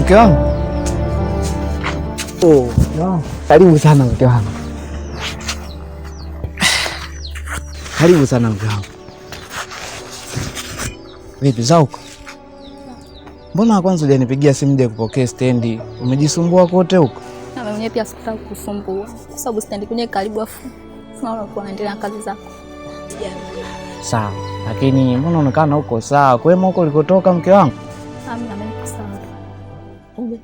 Mke wangu, oh, Karibu sana mke wangu, karibu sana mke wangu. Vipi zauko? Mbona kwanza hujanipigia simu je kupokea stendi? Umejisumbua kote huko? Na mwenyewe pia sikutaka kukusumbua kwa sababu stendi kwenye karibu, afu unaona unaendelea na kazi zako. Sawa, lakini mbona unaonekana huko sawa? Kwema huko ulikotoka mke wangu? Amna. ہوں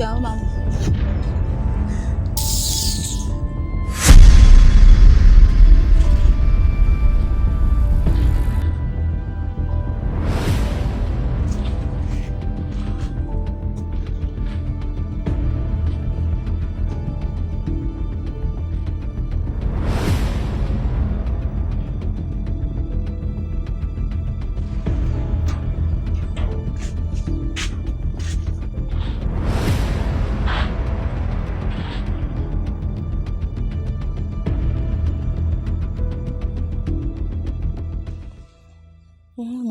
不要嘛。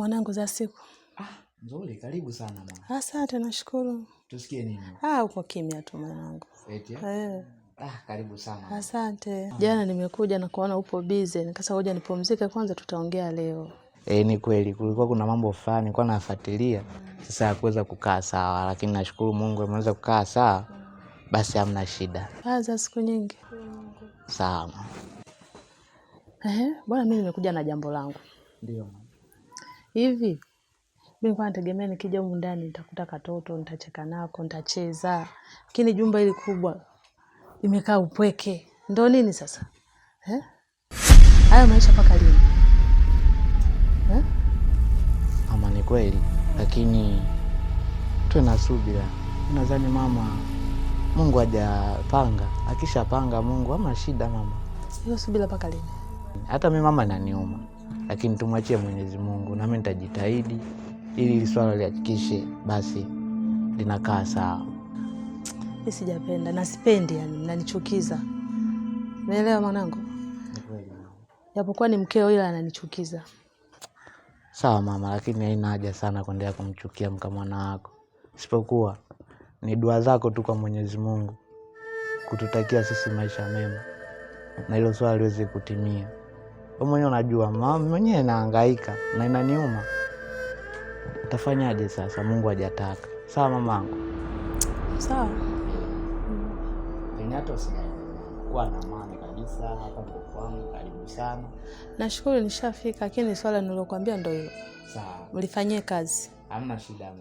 mwanangu za siku. Ah, nzuri, karibu sana mama. Asante, nashukuru. Tusikie nini? Ah, uko kimya tu mwanangu. Eti. Eh. Ah, karibu sana. Asante. Ah. Jana nimekuja na kuona upo busy, nikasa ngoja nipumzike kwanza tutaongea leo. E, ni kweli kulikuwa kuna mambo fulani nilikuwa nafuatilia, sasa hakuweza kukaa sawa, lakini nashukuru Mungu ameweza kukaa sawa. Basi hamna shida. Aza ah, siku nyingi. Sawa. Eh, bwana mimi nimekuja na jambo langu. Ndio hivi mi nilikuwa nategemea nikija humu ndani nitakuta katoto nitacheka nako nitacheza lakini jumba hili kubwa imekaa upweke ndo nini sasa eh? haya maisha mpaka lini eh? ama ni kweli lakini tuwe na subira nadhani mama mungu hajapanga akishapanga mungu ama shida mama hiyo subira mpaka lini hata mi mama naniuma lakini tumwachie Mwenyezi Mungu, nami nitajitahidi ili hili swala lihakikishe basi linakaa sawa. Mi sijapenda na sipendi, yani nanichukiza naelewa mwanangu? Japokuwa ni mkeo, ila ananichukiza. Sawa mama, lakini haina haja sana kuendelea kumchukia mka mwana wako, isipokuwa ni dua zako tu kwa Mwenyezi Mungu kututakia sisi maisha mema na hilo swala liweze kutimia mwenyewe unajua, mwenyewe naangaika na inaniuma. Utafanyaje sasa? Mungu ajataka Sawa mamangu, sawa Nyato, yaani sikuwa na amani kabisa hapa Karibu sana, nashukuru nishafika, lakini swala nilokuambia ndio hilo, sawa, mlifanyie kazi, hamna shida.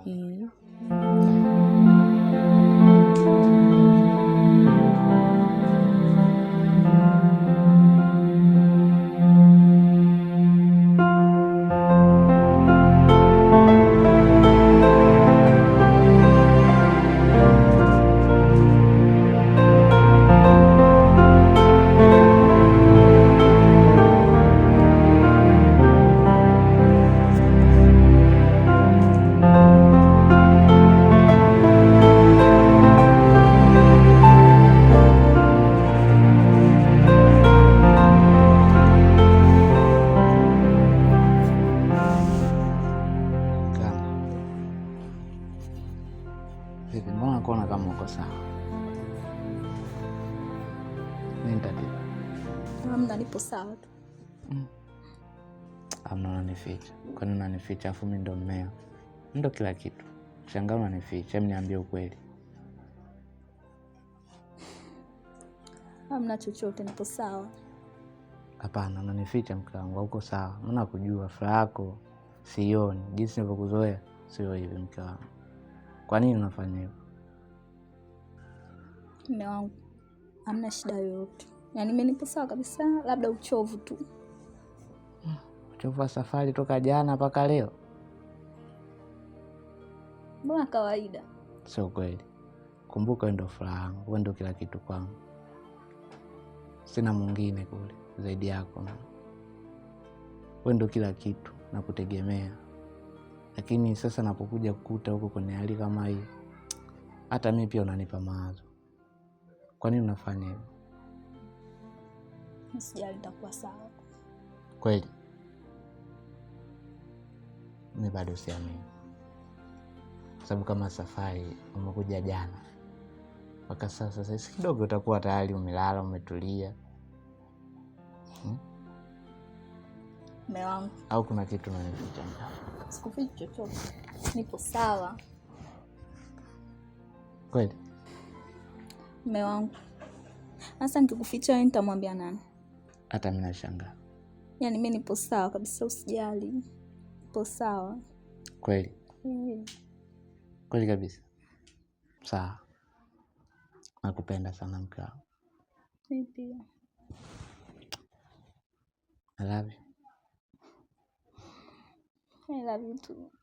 nitaona kama uko sawa. Nini tatizo? Hamna, nipo sawa tu. Mm. Hamna, unanificha. Kwani unanificha? Afu mi ndo mmea, ndo kila kitu. Shangaa unanificha, niambie ukweli. Hamna chochote, nipo sawa. Hapana, unanificha mke wangu, hauko sawa. Maana kujua furaha yako sioni, jinsi nilivyokuzoea sio hivi mke wangu. Kwa nini unafanya hivyo? mme wangu hamna shida yoyote, yaani mimi nipo sawa kabisa, labda uchovu tu. Uchovu wa safari toka jana mpaka leo? Mbona kawaida. Sio kweli. Kumbuka wewe ndio furaha yangu, wewe ndio kila kitu kwangu, sina mwingine kule zaidi yako. Wewe ndio kila kitu, na kutegemea Lakini sasa napokuja kukuta huko kwenye hali kama hii, hata mimi pia unanipa mawazo kwa nini unafanya hivyo? Sijali, nitakuwa sawa. Kweli mi bado siamini, sababu kama safari umekuja jana mpaka sasa, sasa kidogo utakuwa tayari umelala umetulia, hmm? Mume wangu, au kuna kitu unanificha? Sikufichi chochote, nipo sawa kweli. Mume wangu. Sasa nikikuficha wewe nitamwambia nani? Hata mimi nashangaa. Yaani mimi nipo sawa kabisa, usijali. Nipo sawa kweli? Mm. Kweli kabisa. Sawa, nakupenda sana mke wangu. Mimi pia. I love you. I love you too.